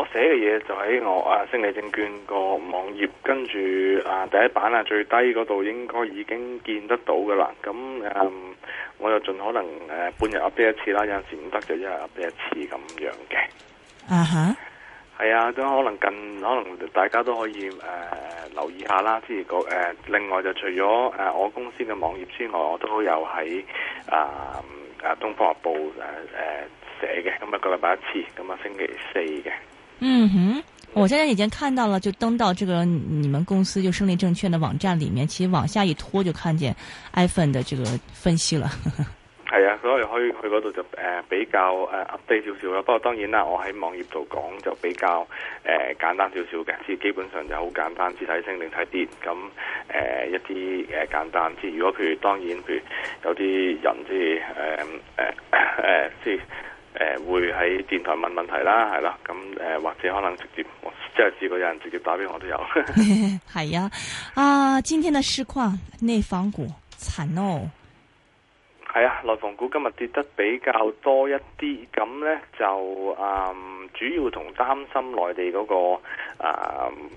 我寫嘅嘢就喺我啊勝利證券個網頁，跟住啊第一版啊最低嗰度應該已經見得到噶啦。咁誒、哦嗯，我就盡可能誒、啊、半日 update 一次啦，有陣時唔得就一日 update 一次咁樣嘅。啊係、嗯、哼啊，都可能近可能大家都可以誒、呃、留意下啦。之如個誒，另外就除咗誒、呃、我公司嘅網頁之外，我都有喺啊、呃、東方日報誒誒寫嘅，咁、呃、啊、呃那個禮拜一次，咁啊星期四嘅。嗯哼，我現在已經看到了，就登到這個你們公司就勝利證券的網站裏面，其實往下一拖就看見 iPhone 的這個分析了。係啊，所以可以去去嗰度就誒、呃、比較誒 update 少少啦。不過當然啦，我喺網頁度講就比較誒、呃、簡單少少嘅，即係基本上就好簡單，只睇升定睇跌咁誒一啲誒、呃、簡單。即係如果佢當然佢有啲人之誒誒誒即係。誒、呃，會喺電台問問題啦，係啦，咁、嗯、誒，或者可能直接，即係如果有人直接打俾我都有。係啊，啊、 嗯，今天嘅市況，內房股慘哦。係 啊，內房股今日跌得比較多一啲，咁呢，就嗯，主要同擔心內地嗰、那個啊、嗯，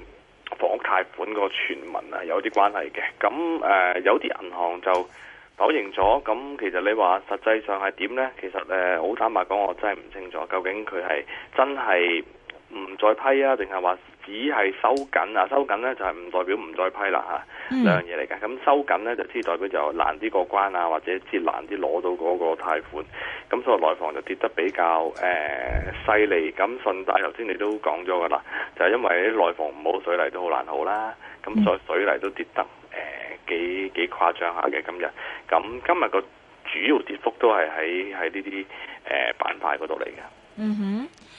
房屋貸款個傳聞啊有啲關係嘅，咁誒，有啲銀、呃、行就。否認咗，咁其實你話實際上係點呢？其實誒好、呃、坦白講，我真係唔清楚，究竟佢係真係唔再批啊，定係話只係收緊啊？收緊呢就係、是、唔代表唔再批啦、嗯、兩樣嘢嚟嘅。咁收緊呢就只代表就難啲過關啊，或者只難啲攞到嗰個貸款。咁所以內房就跌得比較誒犀利。咁順帶頭先你都講咗噶啦，就係、是、因為內房唔好，水泥都好難好啦、啊。咁所以水泥都跌得。嗯幾幾誇張下嘅今日，咁今日個主要跌幅都係喺喺呢啲誒板塊嗰度嚟嘅。嗯哼。呃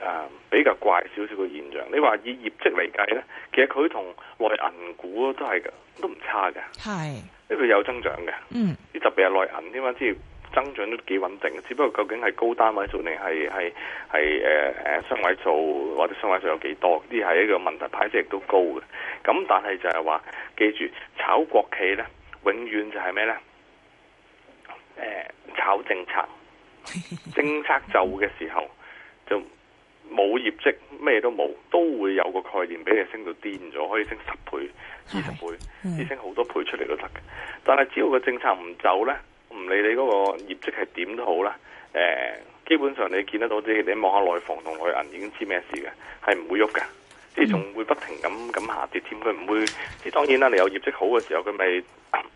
誒、嗯，比較怪少少嘅現象。你話以業績嚟計咧，其實佢同內銀股都係嘅，都唔差嘅。係的，因為佢有增長嘅。嗯，呢特別係內銀添啊，即係增長都幾穩定的。只不過究竟係高單位做定係係係誒誒，雙、呃、位做或者雙位做有幾多？呢係一個問題牌也，即亦都高嘅。咁但係就係話，記住炒國企咧，永遠就係咩咧？誒、呃，炒政策，政策就嘅時候就。 冇業績咩都冇，都會有個概念俾你升到癲咗，可以升十倍、二十是倍，你、嗯、升好多倍出嚟都得嘅。但係只要個政策唔走呢，唔理你嗰個業績係點都好啦、呃。基本上你見得到啲，你望下內房同外銀已經知咩事嘅，係唔會喐㗎，即係仲會不停咁咁下跌添。佢唔會，即係當然啦。你有業績好嘅時候，佢咪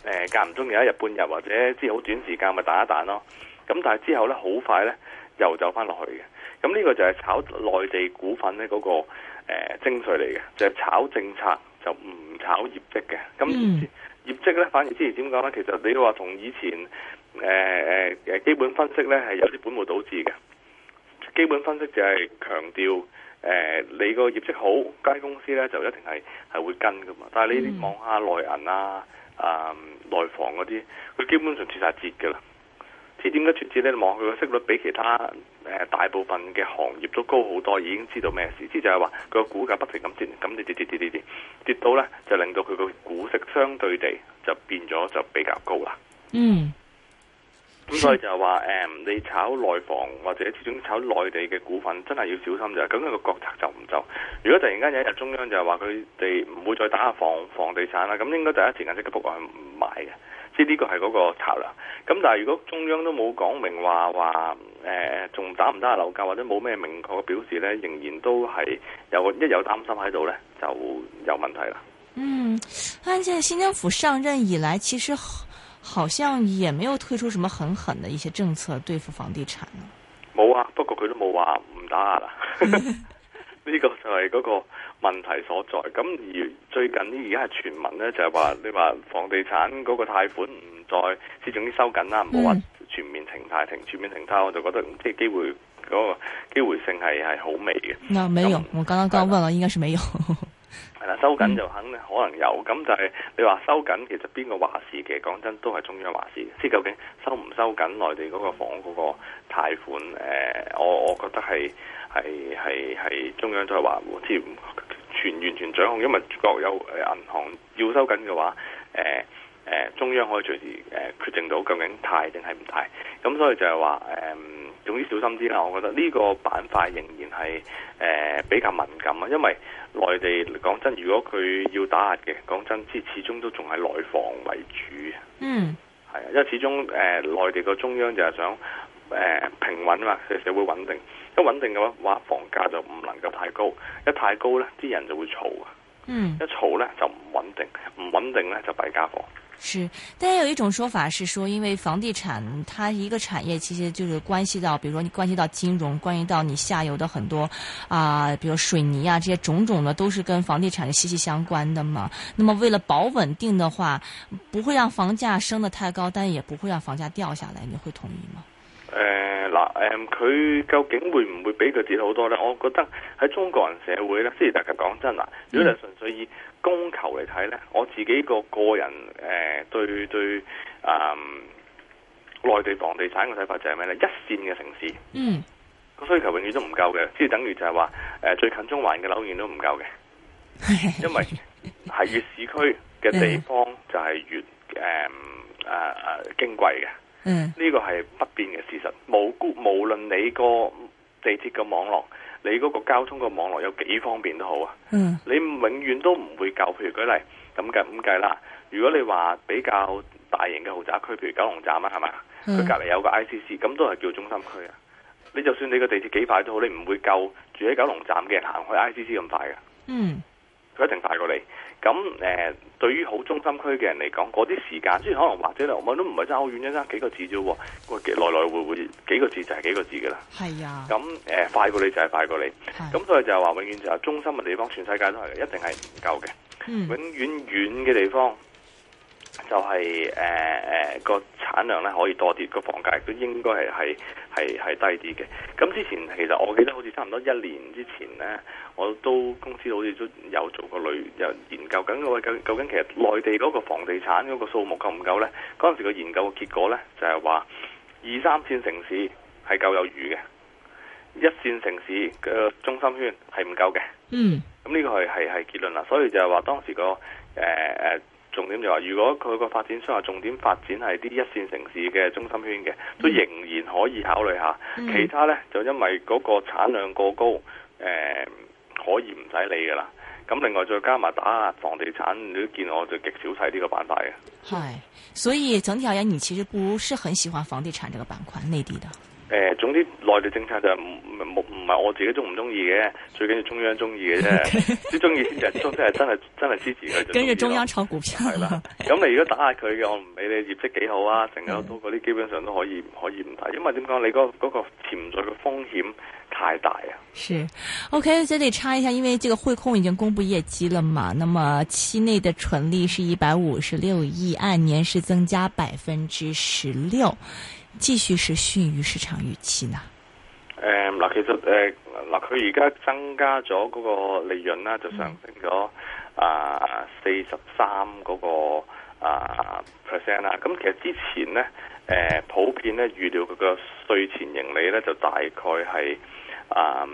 誒間唔中有一日半日或者即係好短時間咪彈一彈咯。咁但係之後呢，好快呢，又走返落去嘅。咁呢個就係炒內地股份咧嗰個誒精髓嚟嘅，就係炒政策就唔炒業績嘅。咁業績咧，反而之前點講咧？其實你都話同以前、呃、基本分析咧係有啲本末倒置嘅。基本分析就係強調、呃、你個業績好，間公司咧就一定係係會跟噶嘛。但係你望下內銀啊，呃、內房嗰啲，佢基本上脫晒節噶啦。知點解脫節咧？望佢個息率比其他，誒大部分嘅行業都高好多，已經知道咩事。即就係話個股價不停咁跌，咁你跌跌跌跌跌，跌到咧就令到佢個股息相對地就變咗就比較高啦。嗯，咁所以就係話誒，你炒內房或者始終炒內地嘅股份，真係要小心就係。咁樣個國策就唔走？如果突然間有一日中央就係話佢哋唔會再打下房房地產啦，咁應該第一時間銀色嘅盤係唔買嘅。即呢個係嗰個策略，咁但係如果中央都冇講明話話，誒，仲、呃、打唔打壓樓價或者冇咩明確嘅表示咧，仍然都係有一有擔心喺度咧，就有問題啦。嗯，但係現在新政府上任以來，其實好，好像也沒有推出什麼狠狠的一些政策對付房地產啊。冇啊，不過佢都冇話唔打壓啦。呢 個就係嗰、那個。問題所在咁，而最近呢，而家係傳聞咧，就係話你話房地產嗰個貸款唔再始終都收緊啦，唔話全面停貸停、嗯、全面停貸，我就覺得即係機會嗰、嗰個機會性係係好微嘅。啊，沒有，那我剛剛剛問啦，的應該是沒有。係啦，收緊就肯可能有，咁、嗯、就係、是、你話收緊，其實邊個話事嘅？講真都是，都係中央話事。即究竟收唔收緊內地嗰個房嗰個貸款？呃、我我覺得係。係係係中央都係話，即係全完全掌控，因為各有誒銀行要收緊嘅話，誒、呃、誒、呃、中央可以隨時誒決定到究竟貸定係唔貸，咁所以就係話誒，總之小心啲啦。我覺得呢個板塊仍然係誒、呃、比較敏感啊，因為內地講真，如果佢要打壓嘅，講真，即係始終都仲係內房為主嗯，係啊，因為始終誒、呃、內地個中央就係想誒、呃、平穩啊嘛，社會穩定。一穩定嘅話，話房價就唔能夠太高。一太高呢啲人就會嘈啊。嗯，一嘈呢就唔穩定，唔穩定呢就弊家伙。是，但也有一種說法是說，因為房地產，它一個產業，其實就是關係到，比如說你關係到金融，關係到你下游的很多啊、呃，比如水泥啊，這些種種的，都是跟房地產息息相關的嘛。那麼為了保穩定的話，不會讓房價升得太高，但也不會讓房價掉下來。你會同意嗎？呃嗱，誒佢、嗯、究竟會唔會比佢跌好多咧？我覺得喺中國人社會咧，雖然大家講真啦，如果係純粹以供求嚟睇咧，我自己個個人誒、呃、對對誒、嗯、內地房地產嘅睇法就係咩咧？一線嘅城市，嗯，個需求永遠都唔夠嘅，即係等於就係話誒最近中環嘅樓盤都唔夠嘅，因為係越市區嘅地方就係越誒誒誒矜貴嘅。嗯，呢個係不變嘅事實。無固無論你個地鐵嘅網絡，你嗰個交通嘅網絡有幾方便都好啊。嗯，你永遠都唔會夠。譬如舉例咁計咁計啦。如果你話比較大型嘅豪宅區，譬如九龍站啊，係咪啊，佢隔籬有個 I C C，咁都係叫中心區啊。你就算你個地鐵幾快都好，你唔會夠住喺九龍站嘅人行去 I C C 咁快嘅。嗯。佢一定快過你，咁誒、呃、對於好中心區嘅人嚟講，嗰啲時間雖然可能或者嚟我都唔係真係好遠啫，幾個字啫喎，來來回回幾個字就係幾個字㗎喇。係是啊，咁、呃、誒快過你就係快過你，咁是、啊、所以就係話永遠就係中心嘅地方，全世界都係嘅，一定係唔夠嘅，嗯、永遠遠嘅地方。就係誒誒個產量咧可以多啲，個房價亦都應該係係係係低啲嘅。咁之前其實我記得好似差唔多一年之前咧，我都公司好似都有做過類有研究緊，個究竟其實內地嗰個房地產嗰個數目夠唔夠咧？嗰陣時個研究嘅結果咧就係話二三線城市係夠有餘嘅，一線城市嘅中心圈係唔夠嘅。嗯，咁呢個係係係結論啦。所以就係話當時個誒誒。呃重點就係，如果佢個發展商話重點發展係啲一,一線城市嘅中心圈嘅，嗯、都仍然可以考慮一下。其他呢，就因為嗰個產量過高，呃、可以唔使理噶啦。咁另外再加埋打房地產，你都見我就極少睇呢個板塊嘅。所以整體而言，你其實不是很喜歡房地產這個板塊，內地的。嗯 誒、呃，總之內地政策就唔唔唔係我自己中唔中意嘅，最緊要中央中意嘅啫，中意 Okay. 跟住中央炒股票，啦，咁、嗯、你 如果打壓佢嘅，我唔俾你業績幾好啊，成日都嗰啲基本上都可以可以唔打，因為點講你嗰、那、嗰、個那個潛在嘅風險太大啊。是，OK，再嚟插一下，因為這個匯控已經公布業績了嘛，那麼期內的純利是一百五十六億，按年是增加百分之十六。繼續是遜於市場預期呢？誒，嗱，其實誒，嗱、呃，佢而家增加咗嗰個利潤啦，就上升咗啊四十三個啊 percent 啦。咁、呃、其實之前咧，誒、呃，普遍咧預料佢個稅前盈利咧就大概係啊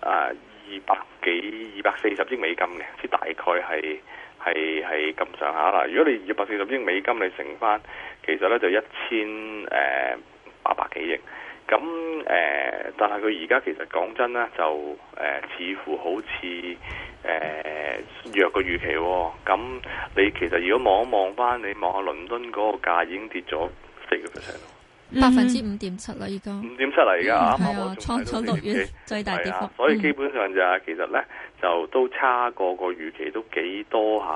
啊二百幾二百四十億美金嘅，即大概係。係係咁上下啦。如果你二百四十億美金，你乘翻，其實咧就一千誒八百幾億。咁誒、呃，但係佢而家其實講真咧，就、呃、誒似乎好似誒、呃、弱過預期、哦。咁你其實如果望一望翻，你望下倫敦嗰個價已經跌咗四個 percent。百分之五點七啦，依家五點七嚟噶，啱、hmm. 啱我睇到六月最大跌幅、啊。所以基本上就是嗯、其實咧，就都差過個預期都幾多下。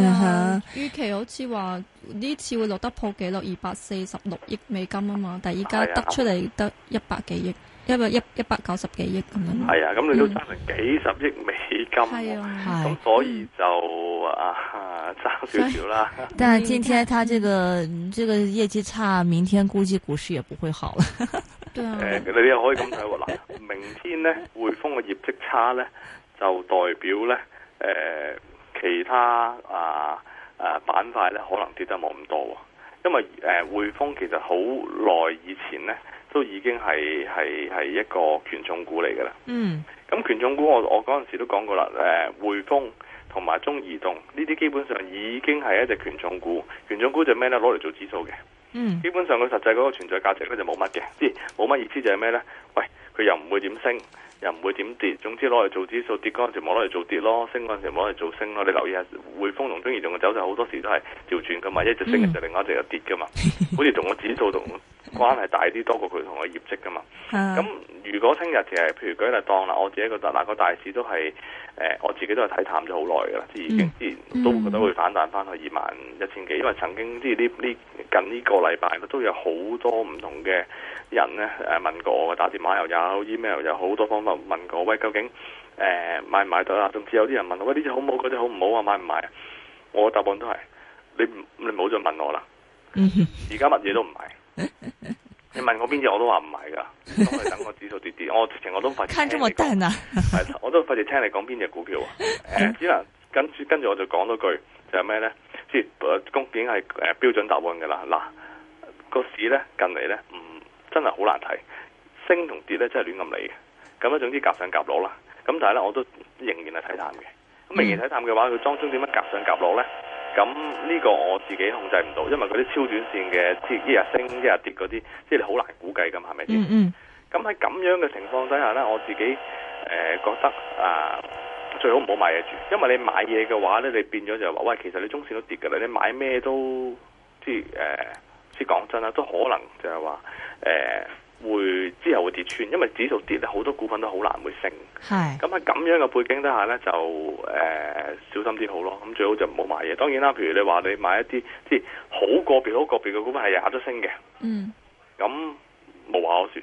係啊，預、啊啊、期好似話呢次會落得破紀錄二百四十六億美金啊嘛，但係依家得出嚟、啊、得一百幾億。一百一一百九十幾億咁樣，係啊，咁你都賺成幾十億美金，咁所以就、嗯、啊賺少少啦。但今天他這個、嗯、這個業績差，明天估計股市也不會好了。嗯、 對啊，呃、你又可以咁睇喎，嗱， 明天咧，匯豐嘅業績差咧，就代表咧，誒、呃，其他啊啊板塊咧，可能跌得冇咁多、哦，因為誒匯豐其實好耐以前咧。都已經係係係一個權重股嚟噶啦。嗯，咁權重股我我嗰陣時都講過啦。誒，匯豐同埋中移動呢啲基本上已經係一隻權重股。權重股就係咩咧？攞嚟做指數嘅。嗯，基本上佢實際嗰個存在價值咧就冇乜嘅。即係冇乜意思就係咩咧？喂，佢又唔會點升，又唔會點跌。總之攞嚟做指數跌嗰陣時冇攞嚟做跌咯，升嗰陣時冇攞嚟做升咯。你留意下匯豐同中移動嘅走勢，好多時都係調轉噶嘛，一隻升就另外一隻又跌噶嘛。嗯、好似同個指數同。 關係大啲多過佢同我業績噶嘛？咁、uh huh. 如果聽日嘅，譬如舉例當啦，我自己覺得個大嗱個大市都係誒、呃，我自己都係睇淡咗好耐噶啦，即係已經，之前都覺得會反彈翻去二萬一千幾。Uh huh. 因為曾經即係呢呢近呢個禮拜，都有好多唔同嘅人咧誒問過我，打電話又有 email 又好多方法問過喂，究竟誒、呃、買唔買到啦，甚至有啲人問我喂呢隻好唔好，嗰隻好唔好啊？買唔買啊？我嘅答案都係你唔你唔好再問我啦。而家乜嘢都唔買。 你問我邊隻我都話唔係噶，因等個指數跌跌，我直情我，我，我都費事。看這麼淡啊！我都費事聽你講邊隻股票啊！只能跟住跟住我就講多句就係、是、咩呢？即係公竟係標準答案嘅啦。嗱個市呢近嚟呢，真係好難睇，升同跌呢，真係亂咁嚟嘅。咁啊，總之夾上夾落啦。咁但係呢，我都仍然係睇淡嘅。咁仍然睇淡嘅話，佢當中點樣夾上夾落呢？咁呢個我自己控制唔到，因為嗰啲超短線嘅，即一日升一日跌嗰啲，即係你好難估計咁，係咪先？咁喺咁樣嘅情況底下呢，我自己誒、呃、覺得啊、呃，最好唔好買嘢住，因為你買嘢嘅話呢，你變咗就話、係、喂，其實你中線都跌㗎啦，你買咩都即係誒，即係講真啦，都可能就係話誒。呃會之後會跌穿，因為指數跌咧，好多股份都好難會升。係咁喺咁樣嘅背景底下咧，就誒、呃、小心啲好咯。咁最好就唔好買嘢。當然啦，譬如你話你買一啲即係好個別好個別嘅股份係日日都升嘅。嗯，咁無話可說。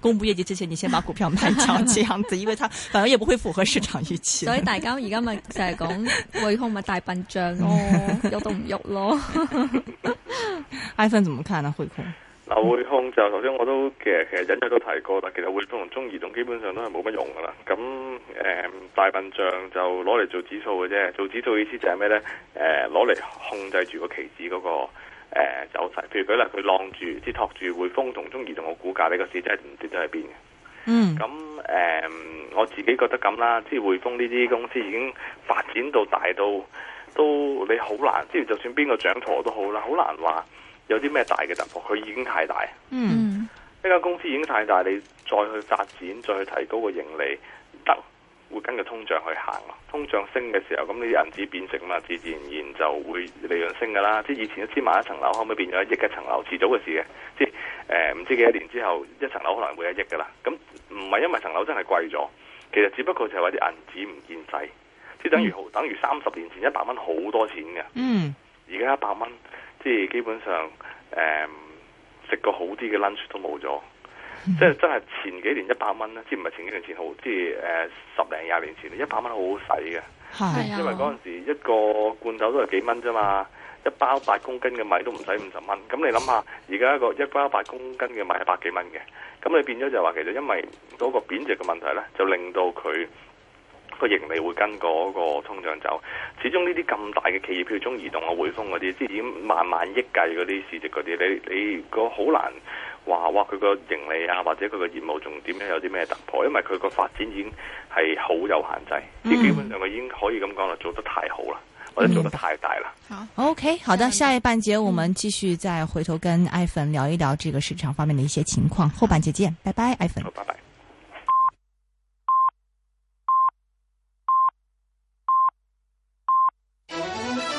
公布業績之前，你先把股票賣掉這樣子， 因為它反而也不會符合市場預期。 所以大家而家咪就係講匯控咪大笨象咯，喐都唔喐咯。 iPhone 怎麼看啊？匯控嗱，匯控就頭先我都其實其實引介都提過啦，但其實匯控同中移動基本上都係冇乜用噶啦。咁誒、呃，大笨象就攞嚟做指數嘅啫，做指數意思就係咩咧？誒、呃，攞嚟控制住個期指嗰、那個。誒走勢，譬如舉例，佢攬住，即托住匯豐同中移動嘅股價，呢個市真係唔知得喺邊嘅。嗯，咁誒、呃，我自己覺得咁啦，即係匯豐呢啲公司已經發展到大到都你好難，即係就算邊個掌舵都好啦，好難話有啲咩大嘅突破，佢已經太大。嗯，呢間公司已經太大，你再去發展，再去提高個盈利得。會跟住通脹去行咯，通脹升嘅時候，咁你啲銀紙貶值嘛，自自然然就會利潤升噶啦。即係以前一只買一層樓，可唔可以變咗一億一層樓，遲早嘅事嘅。即係誒，唔、呃、知幾多年之後，一層樓可能會一億噶啦。咁唔係因為層樓真係貴咗，其實只不過就係話啲銀紙唔見使，即係等於好等於三十年前一百蚊好多錢嘅。嗯，而家一百蚊，即係基本上誒，食、呃、個好啲嘅 lunch 都冇咗。 即係真係前幾年一百蚊咧，即係唔係前幾年前好，即係誒十零廿年前一百蚊好好使嘅，的因為嗰陣時一個罐頭都係幾蚊啫嘛，一包八公斤嘅米都唔使五十蚊，咁你諗下，而家一個一包八公斤嘅米係百幾蚊嘅，咁你變咗就話其實因為嗰個貶值嘅問題咧，就令到佢。個盈利會跟嗰個，個通脹走，始終呢啲咁大嘅企業，譬如中移動啊、匯豐嗰啲，即係已經萬萬億計嗰啲市值嗰啲，你你個好難話哇佢個盈利啊，或者佢個業務重點咧有啲咩突破，因為佢個發展已經係好有限制，而、嗯、基本上佢已經可以咁講啦，做得太好啦，或者做得太大啦，嗯。好 OK，好的，下一半節我們繼續再回頭跟艾粉聊一聊這個市場方面的一些情況，後半節見，拜拜，艾粉，拜拜。